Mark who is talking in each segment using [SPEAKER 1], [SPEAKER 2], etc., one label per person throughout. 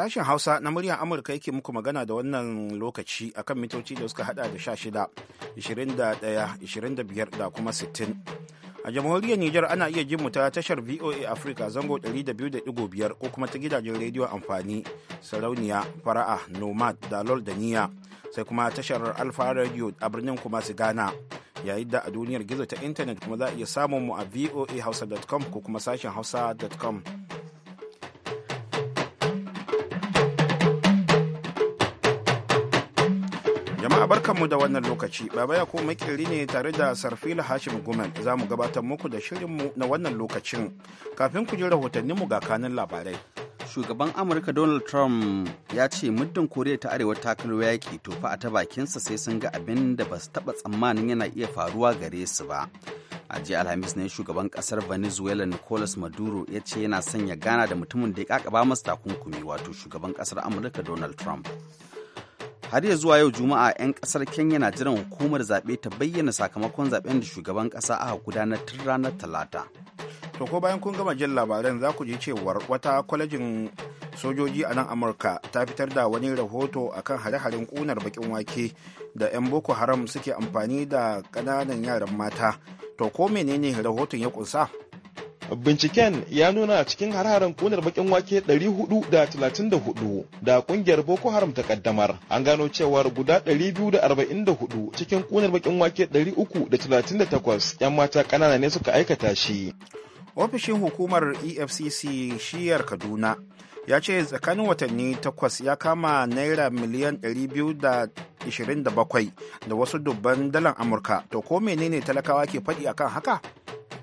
[SPEAKER 1] Sashen Hausa na muryar Amurka yake muku magana da wannan lokaci akan mitoci da suka hada da 16, 21, 25 da kuma sittin A jamhuriyar Nijar ana iya jin mu ta tashar VOA Africa zango da da 200.5 ko kuma ta gidajen rediyo amfani sarauniya fara'a nomad da lol da niya sai kuma tashar alfa radio a birnin kuma su gana yayin da a duniyar gizo ta intanet kuma za a iya samun mu a voa voahausa.com ko kuma sashen hausa.com Jama'a mu da wannan lokaci, Baba ya kuma ne tare da Sarfila Hashim Gumen za mu gabatar muku da shirinmu na wannan lokacin. Kafin ku ji
[SPEAKER 2] mu ga kanin labarai. Shugaban Amurka Donald Trump ya ce muddin Koriya ta Arewa ta kano yaki to a ta bakinsa sai sun ga abin da ba su taɓa tsammanin yana iya faruwa gare su ba. A jiya Alhamis ne shugaban kasar Venezuela Nicolas Maduro ya ce yana son ya gana da mutumin da ya kakaba masa takunkumi wato shugaban kasar Amurka Donald Trump. har ya zuwa yau juma'a 'yan kasar kenya na jiran hukumar zaɓe ta bayyana sakamakon zaɓen da shugaban ƙasa aka gudanar tun ranar talata to ko bayan kun gama jin labaran
[SPEAKER 1] za ku je cewar wata kwalejin sojoji a nan amurka ta fitar da wani rahoto akan hare-haren ƙunar baƙin wake da 'yan boko haram suke amfani da ƙananan
[SPEAKER 3] yaran mata to ko menene rahoton ya ƙunsa Binciken ya nuna cikin har kunar bakin wake 434 da kungiyar Boko Haram ta kaddamar. An gano cewar guda 244 cikin kunar bakin wake 338 'yan mata kanana ne suka aikata shi.
[SPEAKER 1] Ofishin hukumar EFCC shiyar Kaduna ya ce tsakanin watanni takwas ya kama naira miliyan 227 da wasu dubban dalan Amurka. To ko menene talakawa ke faɗi akan haka?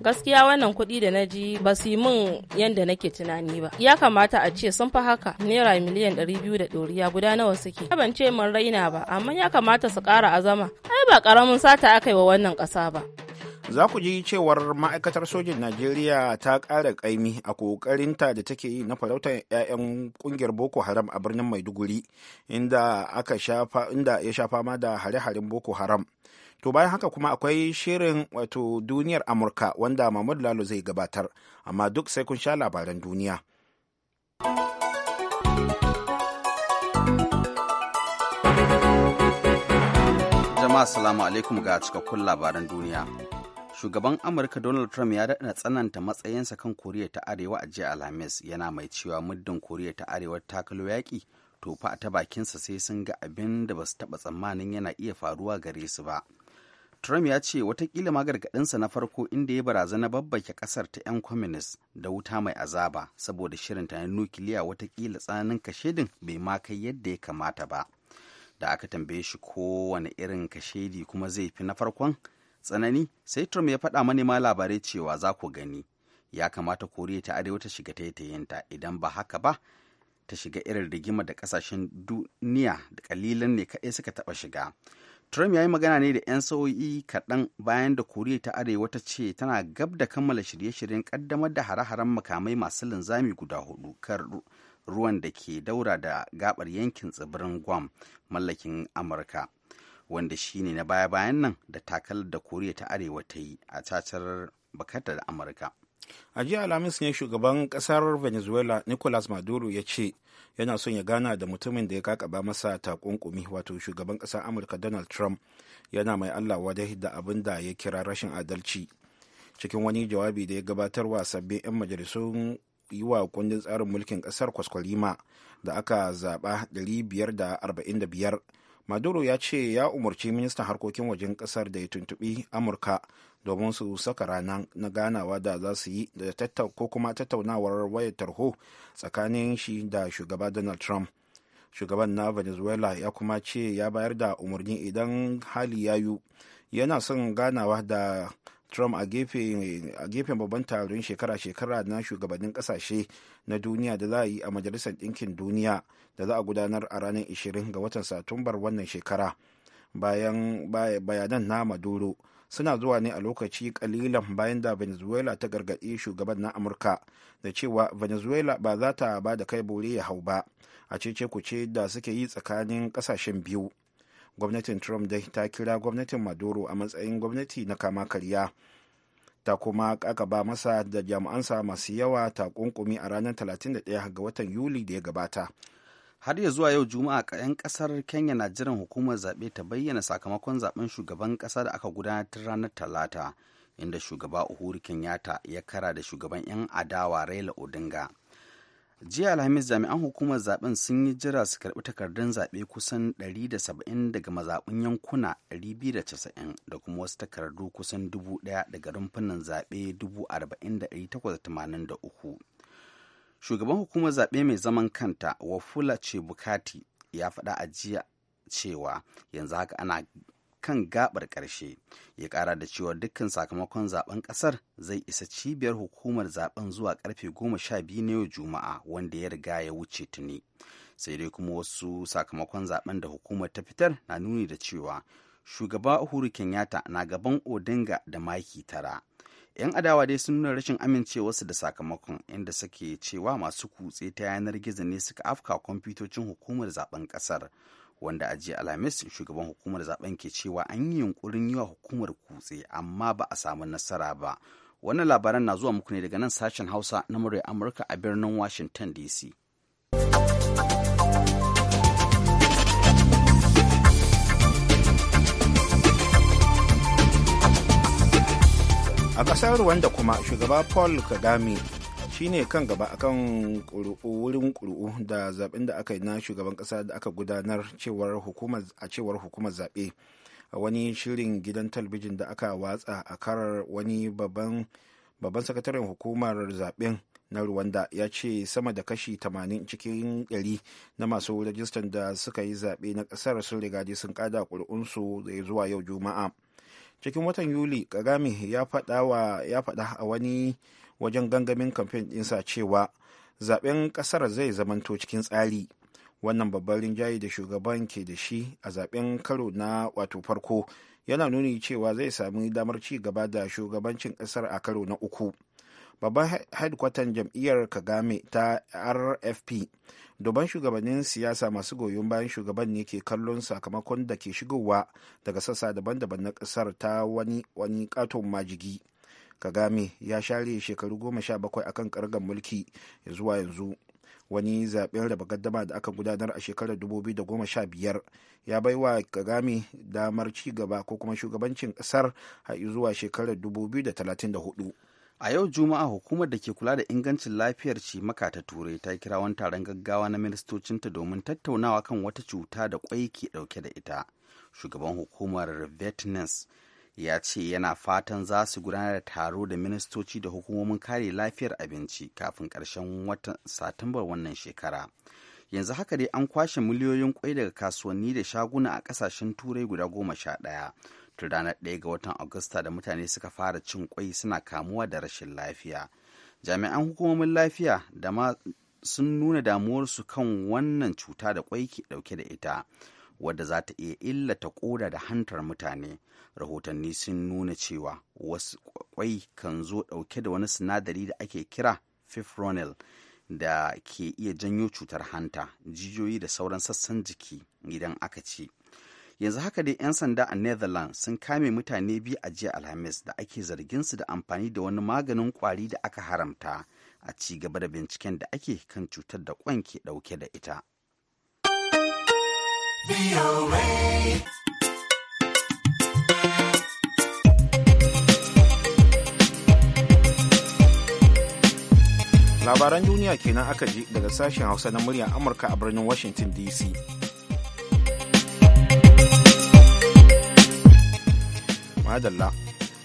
[SPEAKER 4] gaskiya wannan kuɗi da na ji ba su yi min yadda nake tunani ba ya kamata a ce sun fi haka naira miliyan ɗari biyu da ɗoriya guda nawa suke ban ce mun raina ba amma ya kamata su ƙara azama ai ba ƙaramin sata aka yi wa wannan ƙasa ba
[SPEAKER 1] za ku ji cewar ma'aikatar sojin najeriya ta ƙara ƙaimi a ƙoƙarinta da take yi na farautar 'ya'yan ƙungiyar boko haram a birnin maiduguri inda ya sha fama da hare-haren boko haram to bayan haka kuma akwai shirin wato duniyar amurka wanda mahmud lalo zai gabatar amma duk sai kun sha labaran
[SPEAKER 2] duniya jama'a salamu alaikum ga cikakkun labaran duniya shugaban amurka donald trump ya daɗa tsananta matsayinsa kan koriya ta arewa a jiya alhamis yana mai cewa muddin koriya ta arewa ta kalo yaƙi to fa ta bakinsa sai sun ga abin da ba su taɓa tsammanin yana iya faruwa gare su ba Trump ya ce watakila ma sa na farko inda ya barazana babbake ƙasar ta 'yan communist da wuta mai azaba saboda shirinta na nukiliya watakila tsananin kashedin bai ma yadda ya kamata ba. Da aka tambaye shi kowane irin kashedi kuma zai fi na farkon tsanani sai Trump ya faɗa manema labarai cewa za ku gani ya kamata koriya ta arewa ta shiga taitayinta idan ba haka ba ta shiga irin rigima da ƙasashen duniya da ƙalilan ne kaɗai suka taɓa shiga. Trump ya yi magana ne da 'yan sauyi kaɗan bayan da Koriya ta Arewa ta ce tana gab da kammala shirye-shiryen ƙaddamar da hare-haren makamai masu linzami guda hudu kan ruwan da ke daura da gabar yankin tsibirin Guam mallakin Amurka, wanda shi ne na baya-bayan nan da takalar da Koriya ta Arewa ta yi a cacar bakatar Amurka. a jiya alhamis ne shugaban
[SPEAKER 1] kasar venezuela nicolas maduro ya ce yana son ya gana da mutumin da ya kakaba masa takunkumi wato shugaban kasar amurka donald trump yana mai allah wadai da abin da ya kira rashin adalci cikin wani jawabi da ya gabatar wa sabbin 'yan majalisun yi wa kundin tsarin mulkin kasar kwaskwalima da aka zaɓa 545 maduro ya ce ya umarci ministan harkokin wajen kasar da ya tuntuɓi amurka domin su saka rana na ganawa da za su yi da ko kuma tattaunawar wayar tarho tsakanin shi da shugaba donald trump shugaban na venezuela ya kuma ce ya bayar da umarni idan hali ya yu yana son ganawa da trump a gefen babban taron shekara-shekara na shugabannin kasashe na duniya da za a yi a majalisar ɗinkin duniya da za a gudanar a ranar 20 ga watan satumbar wannan shekara bayanan na maduro suna zuwa ne a lokaci kalilan bayan da venezuela ta gargaɗi shugaban na amurka da cewa venezuela ba za ta ba da kai bore ya hau ba a cece ku ce da suke yi tsakanin ƙasashen biyu gwamnatin trump dai ta kira gwamnatin maduro a matsayin gwamnati na kama karya ta kuma ba masa da jami'ansa masu yawa ta kunkumi
[SPEAKER 2] a ranar 31 ga watan yuli da ya gabata har ya zuwa yau juma'a ƙayan ƙasar kenya na jiran hukumar zaɓe ta bayyana sakamakon zaɓen shugaban ƙasa da aka gudanar ranar talata inda shugaba uhuru kenyatta ya kara da shugaban 'yan adawa raila odinga jiya alhamis jami'an hukumar zaɓen sun yi jira su karɓi takardun zaɓe kusan 170 daga mazaɓin yankuna 290 da kuma wasu takardu kusan 1000 daga rumfunan zaɓe shugaban hukumar zaɓe mai zaman kanta wafula ce bukati ya faɗa a jiya cewa yanzu haka ana kan gaɓar ƙarshe ya ƙara da cewa dukkan sakamakon zaben ƙasar zai isa cibiyar hukumar zaben zuwa karfe goma sha biyu na yau juma'a wanda ya riga ya wuce tuni sai dai kuma wasu sakamakon zaben da hukumar ta fitar na nuni da cewa shugaba uhuru kenyatta na gaban odinga da maki tara 'yan adawa dai sun nuna rashin amincewarsu da sakamakon inda suke cewa masu kutse ta yanar gizo ne suka afka kwamfutocin hukumar zaben kasar wanda a jiya alhamis shugaban hukumar zaben ke cewa an yi yunkurin yi wa hukumar kutse amma ba a samu nasara ba wannan labaran na zuwa muku ne daga nan sashen hausa na murya amurka a birnin washington dc
[SPEAKER 1] a ƙasar ruwanda kuma shugaba paul kagame ne kan gaba akan wurin ƙuri'u da zaɓen da aka yi na shugaban ƙasa da aka gudanar a cewar hukumar zaɓe a wani shirin gidan talabijin da aka watsa a karar wani babban sakataren hukumar zaɓen na rwanda ya ce sama da kashi 80 cikin 100 na masu rajistan da suka yi zaɓe na ƙasar sun riga sun ƙada ƙuri'unsu zuwa yau juma'a. cikin watan yuli kagame ya faɗa a wani wajen gangamin kamfen ɗinsa cewa zaben ƙasar zai zamanto cikin tsari wannan babban rinjaye da shugaban ke da shi a zaben karo na wato farko yana nuni cewa zai sami damar ci gaba da shugabancin ƙasar a karo na uku babban haidkwatan jam'iyyar kagame ta rfp doban shugabannin siyasa masu goyon bayan shugaban ne ke kallon sakamakon da ke shigowa daga sassa daban-daban na kasar ta wani wani katon majigi kagame ya share shekaru goma sha bakwai akan kargan mulki ya zuwa yanzu wani zaben raba gaddama da aka gudanar a shekarar 2015 ya bai wa kagame damar ci gaba ko kuma shugabancin kasar har zuwa
[SPEAKER 2] shekarar 2034 a yau juma'a hukumar da ke kula da ingancin lafiyar cimaka ta turai ta kira wani taron gaggawa na ministocinta domin tattaunawa kan wata cuta da kwai ke dauke da ita shugaban hukumar vetness ya ce yana fatan za su gudanar da taro da ministoci da hukumomin kare lafiyar abinci kafin karshen watan satumbar wannan shekara yanzu haka dai an kwashe miliyoyin kwai daga kasuwanni da shaguna a kasashen turai guda goma sha ɗaya tun ranar 1 ga watan Agusta da mutane suka fara cin kwai suna kamuwa da rashin lafiya. Jami'an hukumomin lafiya da ma sun nuna damuwarsu kan wannan cuta da kwai ke dauke da ita. wadda za ta iya illata koda da hantar mutane rahotanni sun nuna cewa wasu kwai kan zo dauke da wani sinadari da ake kira fifronil da ke iya janyo cutar hanta jijiyoyi da sauran sassan jiki idan aka ci yanzu haka dai 'yan sanda a netherlands sun kame mutane biyu a jiya alhamis da ake zargin su da amfani da wani maganin kwari da aka haramta a ci gaba da binciken da ake kan cutar da kwan ke dauke da ita
[SPEAKER 3] labaran
[SPEAKER 1] duniya kenan aka ji daga sashen hausa na muryar amurka a birnin washington dc madalla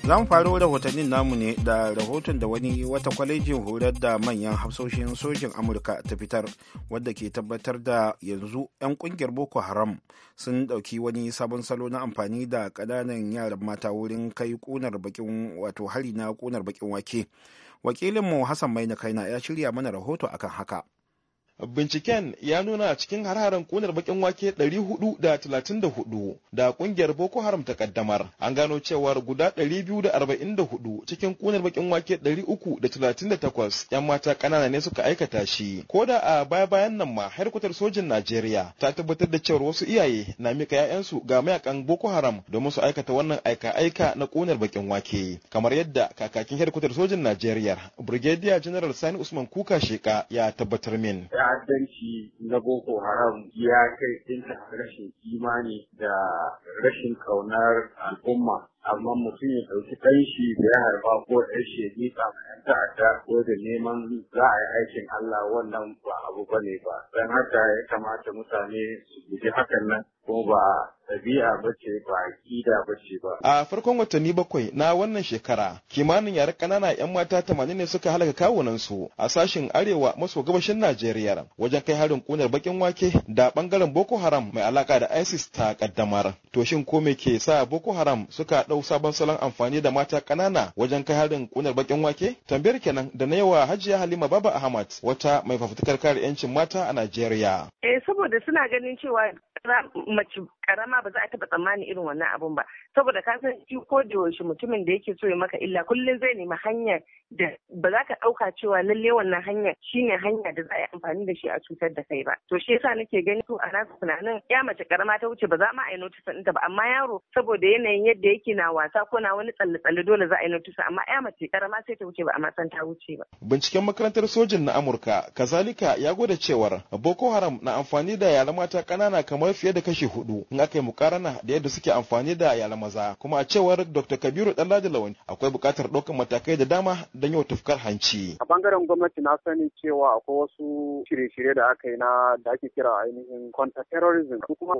[SPEAKER 1] za mu faro rahotannin namu ne da rahoton da wani wata kwalejin horar da manyan hafsoshin sojin amurka ta fitar wadda ke tabbatar da yanzu 'yan kungiyar boko haram sun ɗauki wani sabon salo na amfani da ƙananan yaran mata wurin kai ƙunar bakin wato hari na ƙunar bakin wake wakilinmu hassan mai kaina ya shirya mana
[SPEAKER 3] rahoto akan haka Binciken ya nuna cikin har-haren kunar bakin wake 434 da ƙungiyar Boko Haram ta ƙaddamar. An gano cewar guda 244 cikin kunar bakin wake 338 'yan mata kanana ne suka aikata shi. Ko da a baya-bayan nan ma harkutar sojin Najeriya ta tabbatar da cewar wasu iyaye na mika 'ya'yansu ga mayakan Boko Haram domin su aikata wannan aika-aika na kunar baƙin wake. Kamar yadda kakakin harkutar sojin Najeriya Brigadier General Sani Usman Kuka Sheka ya tabbatar min.
[SPEAKER 5] ta'addanci na Boko Haram ya kai sun rashin imani da rashin ƙaunar al'umma amma mutum ya ɗauki ɗanshi da ya harba ko ɗan shi ya miƙa ta'adda ko da neman za a yi aikin Allah wannan ba abu ba ne ba don haka ya kamata mutane su guji hakan nan ko ba ɗabi'a ba ce ba ƙida ba ce ba.
[SPEAKER 3] A farkon watanni bakwai na wannan shekara kimanin yaren ƙanana 'yan mata tamanin ne suka halaka kawunansu a sashen arewa maso gabashin Najeriya wajen kai harin ƙunar baƙin wake da ɓangaren Boko Haram mai alaƙa da ISIS ta ƙaddamar. To shin ko me ke sa Boko Haram suka dau sabon salon amfani da mata ƙanana wajen kai harin kunar bakin wake? Tambayar kenan da na yawa Hajiya Halima Baba Ahmad wata mai fafutukar kare 'yancin mata a Najeriya.
[SPEAKER 5] Eh saboda suna ganin cewa mace karama ba za a taba tsammani irin wannan abun ba saboda ka san shi ko da yaushe mutumin da yake so ya maka illa kullum zai nemi hanyar da ba za ka ɗauka cewa lalle wannan hanya shine hanya da za a yi amfani da shi a cutar da kai ba to shi yasa nake gani to a nasu tunanin ya mace karama ta wuce ba za ma a yi notice ɗinta ba amma yaro saboda yanayin yadda yake na wasa ko na wani tsalle-tsalle dole za a yi notice amma ya mace karama sai ta wuce ba a san ta wuce ba.
[SPEAKER 3] Binciken makarantar sojin na Amurka kazalika ya gwada cewar Boko Haram na amfani da yara mata ƙanana kamar akwai fiye da kashi hudu in aka yi mukarana da yadda suke amfani da yara maza kuma a cewar dr kabiru ɗanladi lawan akwai bukatar ɗaukar matakai da dama don yau tufkar hanci a
[SPEAKER 5] bangaren gwamnati na sani cewa akwai wasu shirye-shirye da aka yi na da ake kira ainihin counter terrorism kuma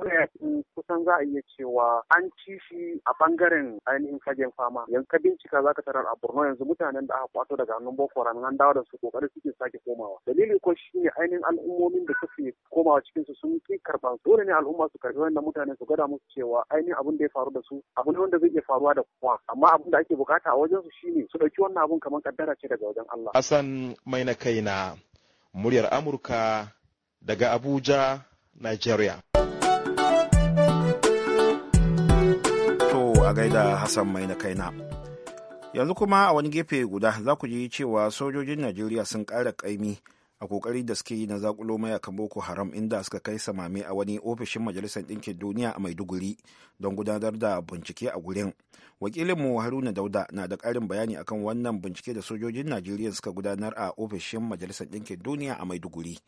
[SPEAKER 5] kusan za a iya cewa an ci shi a bangaren ainihin fagen fama yanzu ka bincika za ka tarar a borno yanzu mutanen da aka kwato daga hannun boko haram an dawo da su kokarin suke sake komawa dalili ko shi ne ainihin al'ummomin da suke komawa cikin su sun ki karban dole ne al'umma su karbi wannan mutane su gada musu cewa ainihin abin da ya faru da su abu ne wanda zai iya faruwa da kowa amma abin da ake bukata a wajen su shine su dauki wannan abun kamar kaddara ce daga wajen Allah
[SPEAKER 3] Hassan mai na kaina muryar Amurka daga Abuja Nigeria To a gaida Hassan mai na kaina
[SPEAKER 1] yanzu kuma a wani gefe guda za ku ji cewa sojojin Najeriya sun ƙara ƙaimi a kokari da suke yi na zakulo mayakan boko haram inda suka kai samame a wani ofishin majalisar ɗinkin duniya a maiduguri don gudanar da bincike a gurin wakilinmu haruna dauda na da ƙarin bayani akan wannan bincike da sojojin najeriya suka gudanar a ofishin majalisar ɗinkin
[SPEAKER 4] duniya a maiduguri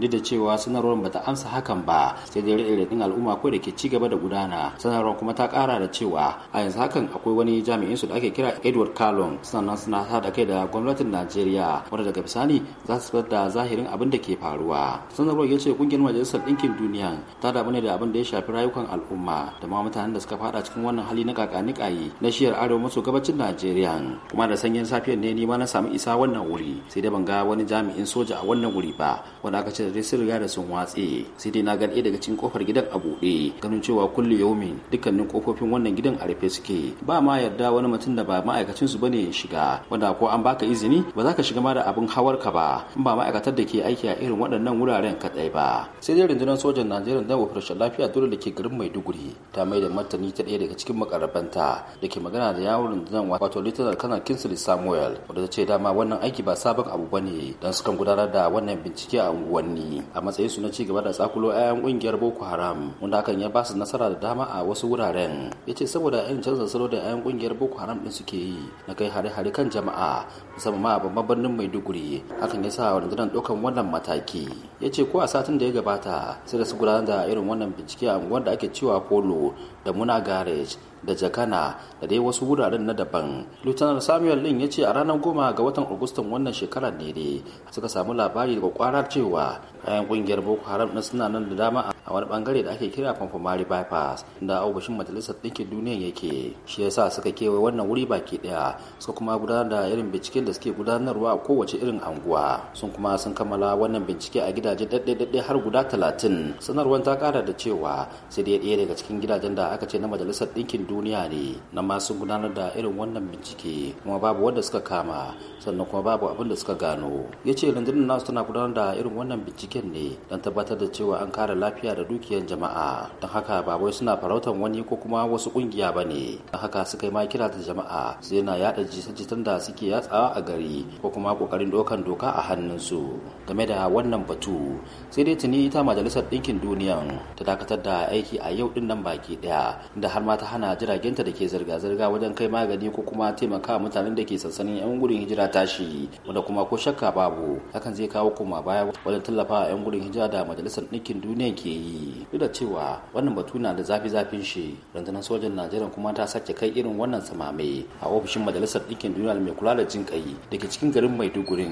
[SPEAKER 4] duk da cewa sanarwar bata amsa hakan ba sai dai ra'ayin din al'umma ko da ke ci gaba da gudana sanarwar kuma ta kara da cewa a yanzu hakan akwai wani jami'in su da ake kira Edward Kalon sannan suna da kai da gwamnatin Najeriya wanda daga bisani za su fitar da zahirin abin da ke faruwa sanarwar ya ce kungiyar majalisar ɗinkin duniya ta damu ne da abin da ya shafi rayukan al'umma da ma mutanen da suka fada cikin wannan hali na kakanikayi na shiyar arewa maso gabacin Najeriya kuma da sanyin safiyar ne ni ma na samu isa wannan wuri sai dai ban ga wani jami'in soja a wannan wuri ba wanda aka tarkace da dai sun riga da sun watse sai dai na ga ɗaya daga cikin kofar gidan a buɗe ganin cewa kulli yaumin dukkanin kofofin wannan gidan a rufe suke ba ma yarda wani mutum da ba ma'aikacin su bane ya shiga wanda ko an baka izini ba za ka shiga ma da abin hawar ka ba in ba ma'aikatar da ke aiki a irin waɗannan wuraren kaɗai ba sai dai rundunar sojan Najeriya da wafar lafiya dole da ke garin Maiduguri ta mai da martani ta ɗaya daga cikin makarabanta da ke magana da yawon rundunar wato Lieutenant Colonel Kinsley Samuel wanda ta ce dama wannan aiki ba sabon abu bane dan sukan gudanar da wannan bincike a unguwar makonni a matsayin su na ci gaba da tsakulo 'ya'yan kungiyar boko haram wanda hakan ya ba su nasara da dama a wasu wuraren yace saboda 'yan canza salo da 'ya'yan kungiyar boko haram din suke yi na kai hare-hare kan jama'a musamman ma a babban birnin maiduguri hakan ya sa rundunar ɗaukan wannan mataki yace ko a satin da ya gabata sai da su gudanar da irin wannan bincike a unguwar da ake cewa polo da muna garage da jakana da dai wasu wuraren na daban lieutenant samuel lin ya ce a ranar goma ga watan agustan wannan shekarar ne dai suka samu labari daga kwarar cewa kayan kungiyar boko haram na suna nan da dama a wani bangare da ake kira Pomfomari bypass da ofishin majalisar ɗinkin duniya yake shi ya sa suka kewaye wannan wuri baki ɗaya suka kuma gudanar da irin binciken da suke gudanarwa a kowace irin anguwa sun kuma sun kammala wannan bincike a gidaje daɗe-daɗe har guda talatin sanarwar ta ƙara da cewa sai dai ɗaya daga cikin gidajen da aka ce na majalisar ɗinkin duniya ne na ma sun gudanar da irin wannan bincike kuma babu wanda suka kama sannan kuma babu abin da suka gano ya ce rundunar nasu tana gudanar da irin wannan binciken ne don tabbatar da cewa an kare lafiya da da dukiyar jama'a don haka ba wai suna farautan wani ko kuma wasu kungiya ba ne don haka suka yi ma kira da jama'a su yana yada jita da suke yatsawa a gari ko kuma kokarin dokan doka a hannunsu game da wannan batu sai dai tuni ita majalisar ɗinkin duniya ta dakatar da aiki a yau din nan baki daya da har ma ta hana jiragenta da ke zirga-zirga wajen kai magani ko kuma taimaka mutanen da ke sansanin 'yan gudun hijira tashi wanda kuma ko shakka babu hakan zai kawo koma baya wajen tallafa 'yan gudun hijira da majalisar ɗinkin duniya ke yi duk da cewa wannan batu na da zafi-zafin shi rundunar sojan najeriya kuma ta sake kai irin wannan samame a ofishin majalisar ɗinkin duniya mai kula da jin kai da cikin garin maiduguri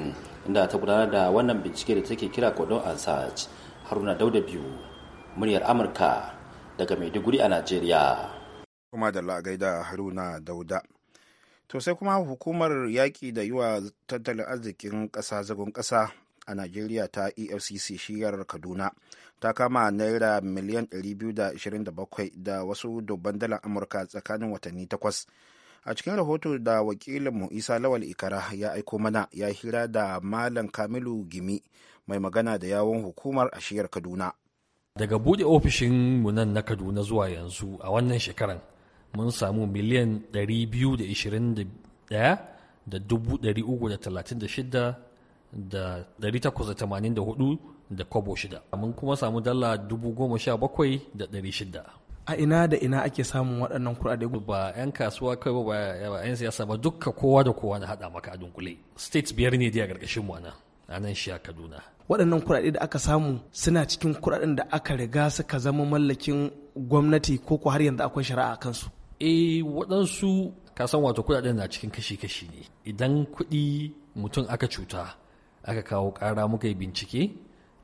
[SPEAKER 4] inda ta gudanar da wannan bincike da take kira kodon ansat haruna dauda biyu muryar amurka daga maiduguri a najeriya kuma da la'agaida haruna dauda
[SPEAKER 1] to sai kuma hukumar yaƙi da yiwa tattalin arzikin ƙasa zagon ƙasa a Najeriya ta EFCC shiyar Kaduna ta kama naira miliyan 227 da wasu dubban dalar Amurka tsakanin watanni takwas. A cikin rahoto da wakilin mu Isa Lawal Ikara ya aiko mana ya hira da Malam Kamilu Gimi mai magana da yawon hukumar a shiyar Kaduna.
[SPEAKER 6] Daga buɗe ofishin mu nan na Kaduna zuwa yanzu a wannan shekaran mun samu miliyan 221 da 336 da 884 da kobo shida mun kuma samu dala 17,600 a ina da ina ake samun waɗannan kuɗaɗe ba 'yan kasuwa kai ba ba 'yan siyasa ba dukka kowa da kowa na haɗa maka a dunkule states biyar ne dai a ƙarƙashin mu ana a nan shi a kaduna
[SPEAKER 2] waɗannan kuɗaɗe da aka samu suna cikin kuɗaɗen da aka riga suka zama mallakin
[SPEAKER 6] gwamnati ko ko har yanzu akwai shari'a a kansu eh waɗansu ka san wato kuɗaɗen na cikin kashi-kashi ne idan kuɗi mutum aka cuta aka kawo ƙara muka yi bincike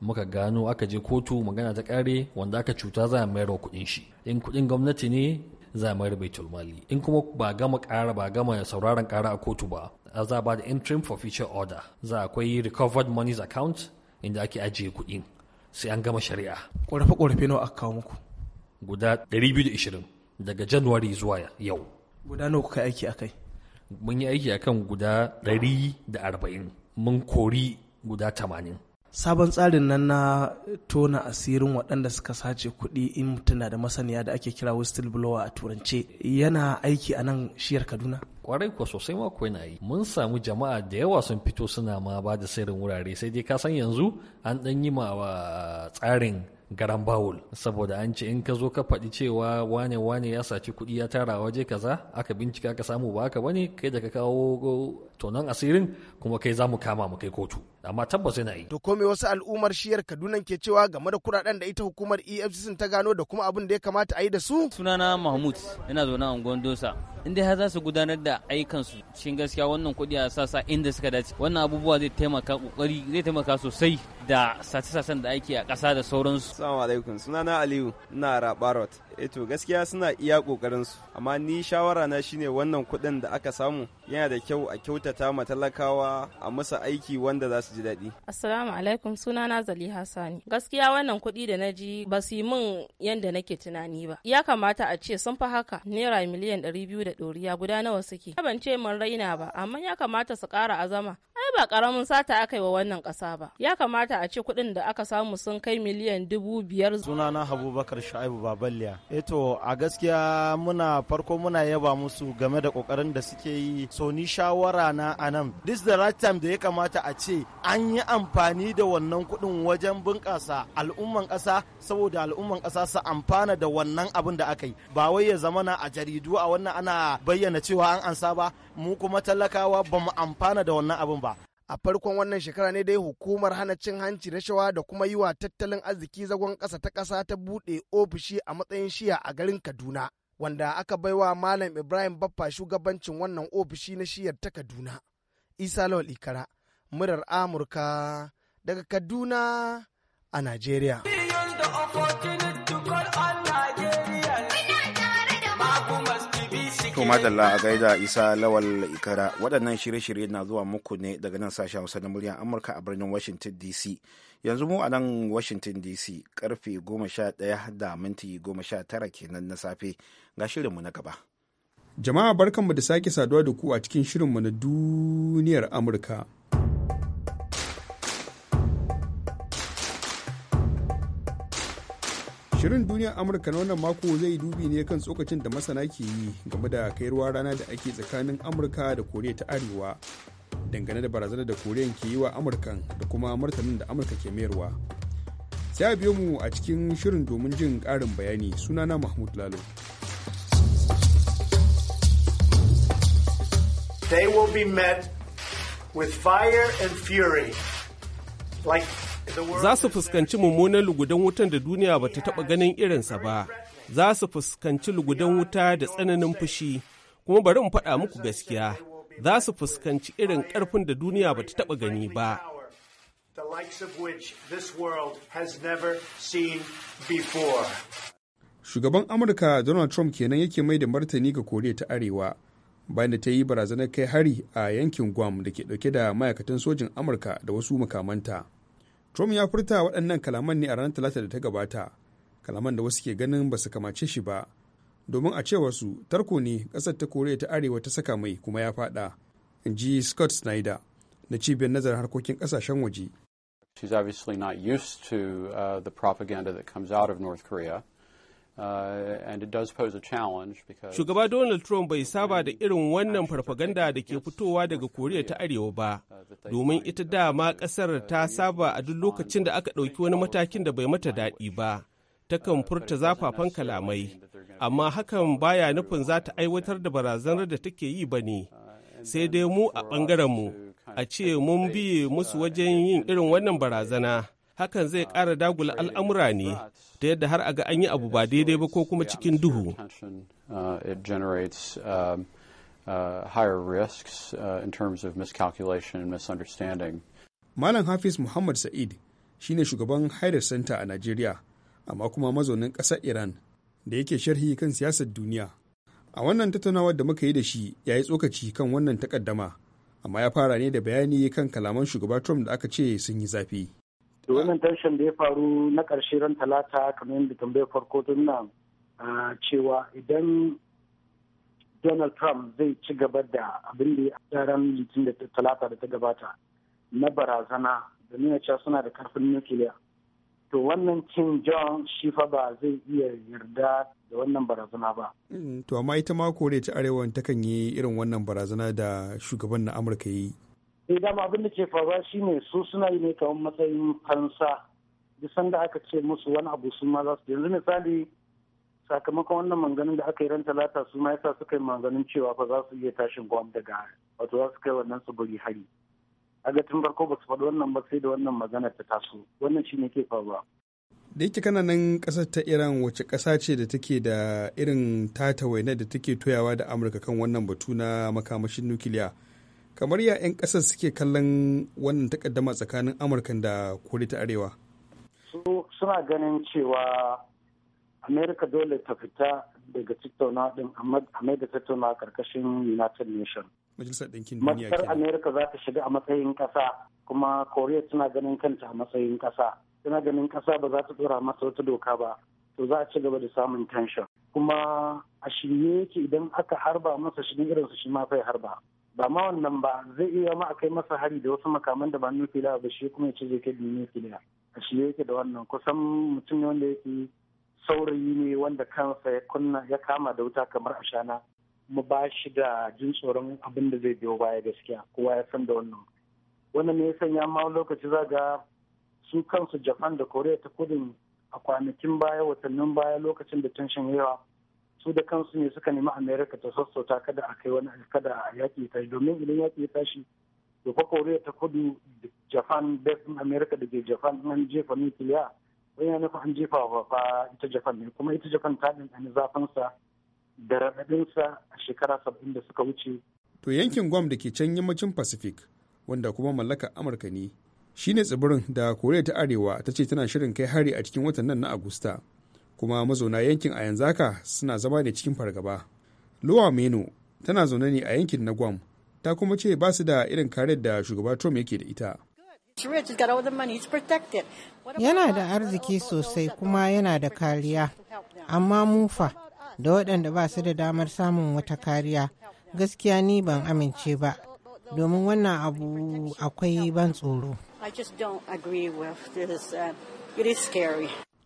[SPEAKER 6] muka gano aka je kotu magana ta kare wanda aka cuta za a mayar wa kuɗin shi in kuɗin gwamnati ne za a mayar baitul mali in kuma ba gama kara ba gama sauraron kara a kotu ba a za ba da interim for future order za a akwai recovered monies account inda ake ajiye kuɗin sai an gama shari'a
[SPEAKER 3] ƙorafe-ƙorafe nawa aka kawo muku
[SPEAKER 6] guda 220 daga januwari zuwa yau guda nawa kuka aiki akai mun yi aiki akan guda 140 mun kori guda tamanin.
[SPEAKER 2] sabon tsarin nan na tona asirin waɗanda suka sace kuɗi in mutum da masaniya da ake kira whistleblower a turance yana aiki a nan shiyar kaduna
[SPEAKER 6] kwarai kuwa sosai ma kuwa na yi mun samu jama'a da yawa sun fito suna ma ba da sirrin wurare sai dai ka san yanzu an ɗan yi ma ah, tsarin garan bawul saboda an ce in ka zo ka faɗi cewa wane wane ya saci kuɗi ya tara waje kaza aka bincika ka samu ba aka bane kai da ka kawo tonon asirin kuma kai za mu kama mu kai kotu amma tabbas yana yi
[SPEAKER 7] to komai wasu al'ummar shiyar Kaduna ke cewa game da kuɗaɗen da ita hukumar EFCC ta gano da kuma abin
[SPEAKER 6] da ya kamata a yi da su sunana Mahmud yana zaune a unguwar Dosa inda ya za su gudanar da ayyukan su cikin gaskiya wannan kuɗi a sasa inda suka dace wannan abubuwa zai taimaka kokari zai taimaka sosai da sace-sacen da ake a ƙasa da sauransu.
[SPEAKER 3] Assalamu alaikum sunana
[SPEAKER 6] Aliyu na
[SPEAKER 3] Rabarot. Eto eh gaskiya suna iya ƙoƙarin su amma ni shawara na shine wannan kuɗin da aka samu yana da kyau a kyautata ma talakawa a musu aiki wanda za su ji daɗi.
[SPEAKER 4] Assalamu alaikum sunana Zali Hassani. Gaskiya wannan kuɗi da na ji ba su yi min yanda nake tunani ba. Ya kamata a ce sun fa haka naira miliyan ɗari biyu da ɗoriya guda nawa suke. Ban ce mun raina ba amma ya kamata su ƙara azama sai ba karamin sata aka yi wa wannan kasa ba ya kamata a ce kuɗin da aka samu sun kai miliyan dubu biyar sunana abubakar sha'ibu babalya
[SPEAKER 3] eto eh a gaskiya muna farko muna yaba musu game da kokarin da suke yi so shawara na anan this the right time da ya kamata a ce an yi amfani da wannan kuɗin wajen bunƙasa al'umman ƙasa saboda al'umman ƙasa su amfana da wannan abin da aka yi ba wai ya zama na a jaridu a wannan ana bayyana cewa an ansa ba mu kuma talakawa ba mu amfana da wannan abin ba a farkon wannan shekara ne dai hukumar
[SPEAKER 7] hana cin hanci rashawa da kuma yi wa tattalin arziki zagon ƙasa ta kasa ta buɗe ofishi a matsayin shiya a garin kaduna wanda aka baiwa malam ibrahim baffa shugabancin wannan ofishi na shiyar ta kaduna isa lawal murar amurka daga kaduna a najeriya
[SPEAKER 1] To madalla a gaida Isa Lawal Ikara waɗannan shirye-shirye na zuwa muku ne daga nan sashen Hausa na muryar Amurka a birnin Washington DC. Yanzu mu a nan Washington DC karfe 11 da minti
[SPEAKER 8] 19 kenan na safe ga shirin mu na gaba. Jama'a barkanmu da sake saduwa da ku a cikin shirinmu na duniyar Amurka. Shirin duniyar Amurka na wannan mako zai dubi ne kan tsokacin da masana ke yi game da kairuwa rana da ake tsakanin Amurka da Koriya ta Arewa dangane da barazanar da Koriyan ke yi wa Amurkan da kuma martanin da Amurka ke mayarwa. Sai a biyo mu a cikin shirin domin jin ƙarin bayani sunana Mahmud Lalo.
[SPEAKER 1] They will be met with fire and fury
[SPEAKER 3] like za su fuskanci mummunan lugudan wutan da duniya ba ta taɓa ganin irinsa ba za su fuskanci lugudan wuta da tsananin fushi kuma bari mu faɗa muku gaskiya za su fuskanci irin ƙarfin da duniya ba ta taɓa gani ba
[SPEAKER 8] shugaban amurka donald trump kenan yake mai da martani ga koriya ta arewa bayan da ta yi barazanar kai hari a yankin guam da ke dauke da ma'aikatan sojin amurka da wasu makamanta Trump ya furta waɗannan kalaman ne a ranar Talata da ta gabata, kalaman da wasu ke ganin ba su kamace shi ba, domin a cewar su tarko ne ƙasar ta Koriya ta Arewa ta saka mai kuma ya faɗa, in ji Scott Snyder na cibiyar nazarin harkokin ƙasashen waje.
[SPEAKER 2] She's obviously not used to uh, the propaganda that comes out of North Korea. Uh,
[SPEAKER 3] Shugaba Donald Trump bai saba da irin wannan farfaganda da ke fitowa daga Koriya ta Arewa ba, domin ita dama ƙasar ta saba a duk lokacin da aka ɗauki wani matakin da bai mata daɗi ba, takan furta zafafan kalamai, amma hakan baya nufin za ta aiwatar da barazanar da take yi ba ne, sai dai mu a mu a ce mun biye musu wajen yin irin wannan barazana. hakan zai ƙara dagula al'amura ne ta yadda har a ga an yi abu ba daidai ba ko kuma cikin duhu. Uh,
[SPEAKER 2] um, uh, uh, Malam Hafiz Muhammad
[SPEAKER 8] Sa'id shi ne shugaban Haider Center a Najeriya, amma kuma mazaunin ƙasar Iran da yake sharhi kan siyasar duniya. A wannan tattaunawar da muka yi da shi ya yi tsokaci kan wannan takaddama, amma ya fara ne da bayani kan kalaman shugaba Trump da aka ce sun yi zafi.
[SPEAKER 5] da wannan tashin da ya faru na karshe ran talata kamar yadda tambayar farko tun nan cewa idan donald trump zai ci gaba da abin da ya ran litin da talata da ta gabata na barazana da nuna cewa suna da karfin nukiliya to wannan kim john shifa ba zai iya yarda da wannan barazana ba
[SPEAKER 8] mm, to amma ita ma kore ta arewa takan yi irin wannan barazana da shugaban na amurka yi
[SPEAKER 5] sai eh, dama abin da ke faruwa shine su suna yi ne kamar matsayin fansa duk sanda aka ce musu wani abu su ma za su yanzu misali sakamakon wannan manganin da aka yi ran talata su ma yasa suka yi manganin cewa fa za su iya tashin gwam daga wato za su kai wannan su buri hari aga tun farko ba su faɗi wannan ba sai da wannan magana ta taso wannan shi ne ke faruwa
[SPEAKER 8] da yake kana nan ƙasar ta iran wace kasa ce da take da irin tata waina da take toyawa da amurka kan wannan batu na makamashin nukiliya kamar ya 'yan ƙasar suke kallon wannan takaddama tsakanin amurka da koriya ta arewa
[SPEAKER 5] su suna ganin cewa amerika dole ta fita daga tattauna din amma da tattauna karkashin united nations
[SPEAKER 8] majalisar ɗinkin duniya
[SPEAKER 5] amerika za ta shiga a matsayin ƙasa kuma korea tana ganin kanta a matsayin ƙasa tana ganin ƙasa ba za ta dora masa wata doka ba to za a ci gaba da samun tension kuma a shirye yake idan aka harba masa shirin irinsu shima shi ma sai harba ba ma wannan ba zai iya ma kai masa hari da wasu makaman da ba nukiliya ba shi kuma ya ce zai kai nukiliya a shi yake da wannan kusan mutum ne wanda yake saurayi ne wanda kansa ya kunna ya kama da wuta kamar ashana mu ba shi da jin tsoron abin da zai biyo baya gaskiya kowa ya san da wannan wannan ne ya sanya ma lokaci zagaya su kansu japan da korea ta kudin a kwanakin baya watannin baya lokacin da tun yawa su da kansu ne suka nemi america ta sassauta kada a kai wani kada a yaƙi ya tashi domin idan yaƙi ya tashi to fa koriya ta kudu japan basin america da ke japan an jefa nukiliya wani yana nufa an jefa wa fa ita japan ne kuma ita japan ta zafin sa da raɗaɗinsa a shekara saba'in da suka wuce.
[SPEAKER 8] to yankin guam da ke can yammacin pacific wanda kuma mallakar amurka ne shine tsibirin da koriya ta arewa ta ce tana shirin kai hari a cikin watan nan na agusta kuma mazauna yankin a yanzu haka suna zama da cikin fargaba luwa meno tana zaune ne a yankin na guam ta kuma ce ba su da irin karar da shugaba trump yake da ita
[SPEAKER 7] yana da arziki sosai kuma yana da kariya amma mufa da waɗanda ba su da damar samun wata kariya gaskiya ni ban amince ba domin wannan abu akwai ban tsoro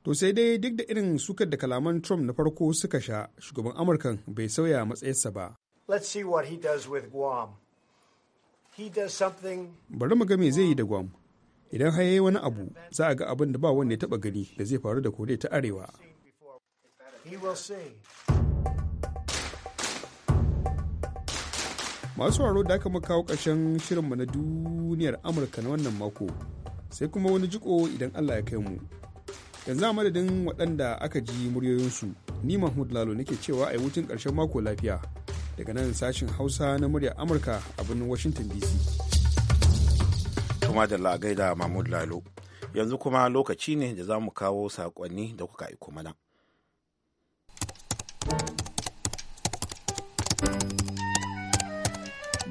[SPEAKER 8] To sai dai duk da irin sukar da kalaman Trump na farko suka sha, shugaban Amurkan bai sauya matsayarsa ba.
[SPEAKER 3] Let's
[SPEAKER 5] see what he does with
[SPEAKER 8] He does something... Bari mu ga me zai yi da Guam. Idan har wani abu, za a ga abin da ba wanda ya taba gani da zai faru da kore ta Arewa. Masu sauraro da aka kawo ƙarshen shirinmu na duniyar Amurka na wannan mako. Sai kuma wani jiko idan Allah ya kai mu. yanzu a madadin waɗanda aka ji muryoyinsu ni mahmud lalo nake cewa a yi ƙarshen mako lafiya daga nan sashin hausa na murya amurka a birnin washington dc
[SPEAKER 1] kuma da gaida mahmud lalo yanzu kuma lokaci ne da za mu kawo saƙonni da kuka aiko mana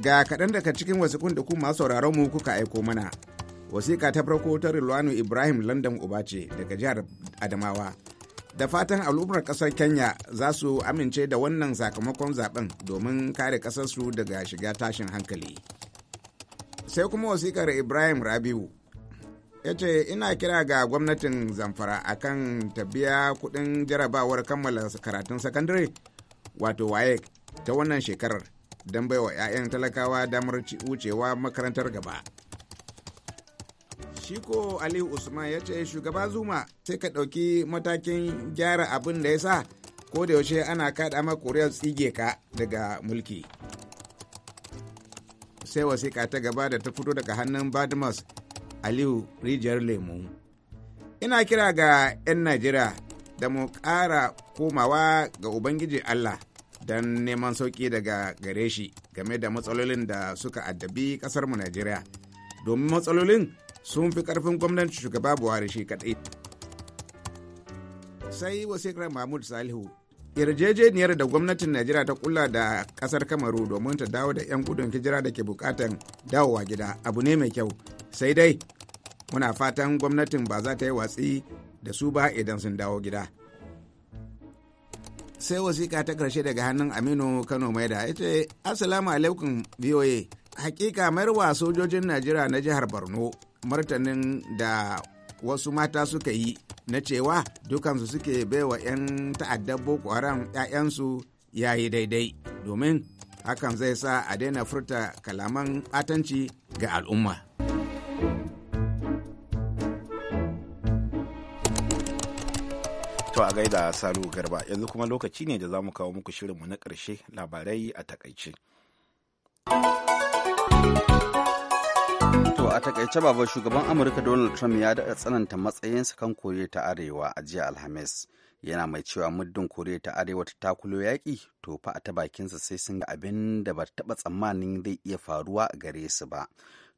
[SPEAKER 7] ga kaɗan daga cikin wasu kun da kuma sauraron mu kuka aiko mana wasiƙa ta farko ta rilwano ibrahim london uba ce daga jihar adamawa da fatan al'ummar ƙasar kenya za su amince da wannan sakamakon zaben domin kare ƙasarsu daga shiga tashin hankali sai kuma wasiƙar ibrahim rabiu ya ce ina kira ga gwamnatin zamfara akan ta biya kuɗin jarabawar kammala karatun sakandare wato waye ta wannan shekarar don baiwa 'ya'yan talakawa damar wucewa makarantar gaba Shiko Aliyu Usman ya ce shugaba Zuma sai ka ɗauki matakin gyara abin da ya sa ko da yaushe ana kaɗa ma kuriyar tsige ka daga mulki. Sai wasiƙa ta gaba da ta fito daga hannun Badmus Aliyu Rijiyar Lemu. Ina kira ga 'yan Najeriya da mu ƙara komawa ga Ubangiji Allah don neman sauƙi daga gare shi game da matsalolin da suka addabi ƙasarmu Najeriya. Domin matsalolin sun fi karfin gwamnati shugaba buhari shi kaɗai sai wasikar mahmud salihu yarjejeniyar da gwamnatin najeriya ta kula da ƙasar kamaru domin ta dawo da 'yan gudun hijira da ke bukatan dawowa gida abu ne mai kyau sai dai muna fatan gwamnatin ba za ta yi watsi da su ba idan sun dawo gida sai wasiƙa ta ƙarshe daga hannun aminu kano maida ita ce asalamu alaikum voa hakika mayarwa sojojin najeriya na jihar borno martanin da wasu mata suka yi na cewa dukansu suke baiwa 'yan ta'addar boko haram 'ya'yansu yi daidai domin hakan zai sa a daina furta kalaman atanci ga al'umma.
[SPEAKER 1] To a gaida Salu Garba yanzu kuma lokaci ne da za mu kawo muku shirinmu na ƙarshe labarai a takaice.
[SPEAKER 2] a takaice baba shugaban Amurka Donald Trump ya daɗa tsananta matsayinsa kan Koriya ta Arewa a jiya Alhamis. Yana mai cewa muddin Koriya ta Arewa ta takulo yaƙi to fa a ta bakinsa sai sun ga abin da ba taɓa tsammanin zai iya faruwa gare su ba.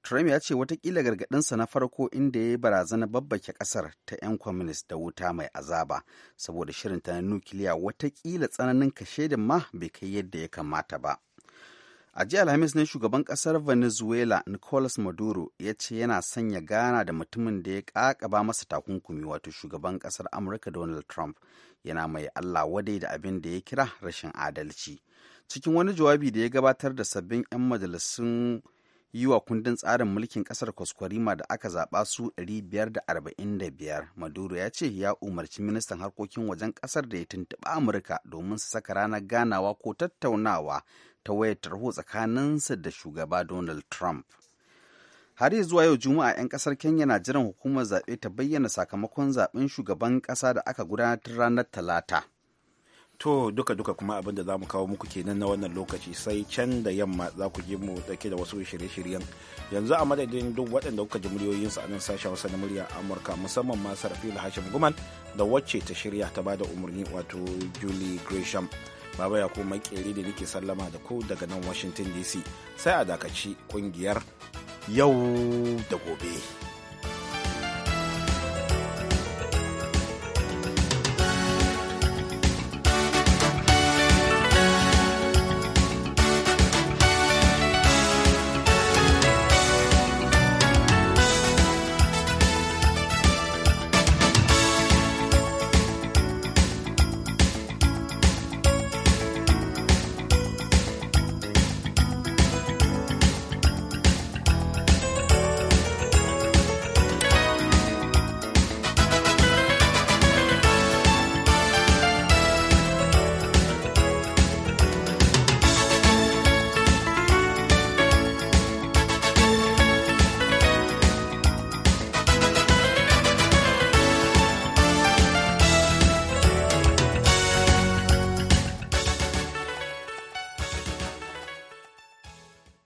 [SPEAKER 2] Trump ya ce watakila gargaɗinsa na farko inda ya yi barazana babbake ƙasar ta 'yan kwaminis da wuta mai azaba saboda shirin ta na nukiliya watakila tsananin kashe da ma bai kai yadda ya kamata ba. a jiya alhamis ne shugaban ƙasar venezuela nicolas maduro ya ce yana sanya gana da mutumin da ya ƙaƙaba masa takunkumi wato shugaban ƙasar amurka donald trump yana mai allah wadai da abin da ya kira rashin adalci cikin wani jawabi da ya gabatar da sabbin 'yan majalisun yi wa kundin tsarin mulkin ƙasar kwaskwarima da aka zaɓa su 545 maduro ya ce ya umarci ministan harkokin wajen ƙasar da ya tuntuɓa amurka domin su saka ranar ganawa ko tattaunawa ta wayar tarho tsakaninsa da shugaba Donald Trump. har zuwa yau juma'a 'yan kasar kenya na jiran hukumar zaɓe ta bayyana sakamakon zaɓen shugaban ƙasa da aka gudanar ranar talata to duka duka kuma abin da za mu kawo muku kenan na wannan lokaci sai can da yamma za ku ji mu
[SPEAKER 1] dauke da wasu shirye-shiryen yanzu a madadin duk waɗanda kuka ji muryoyinsu a nan sashen hausa na murya amurka musamman ma sarfila hashim guman da wacce ta shirya ta ba da umarni wato julie gresham baba ya kuma kere da nake sallama da ku daga nan washington dc sai a dakaci kungiyar yau da gobe.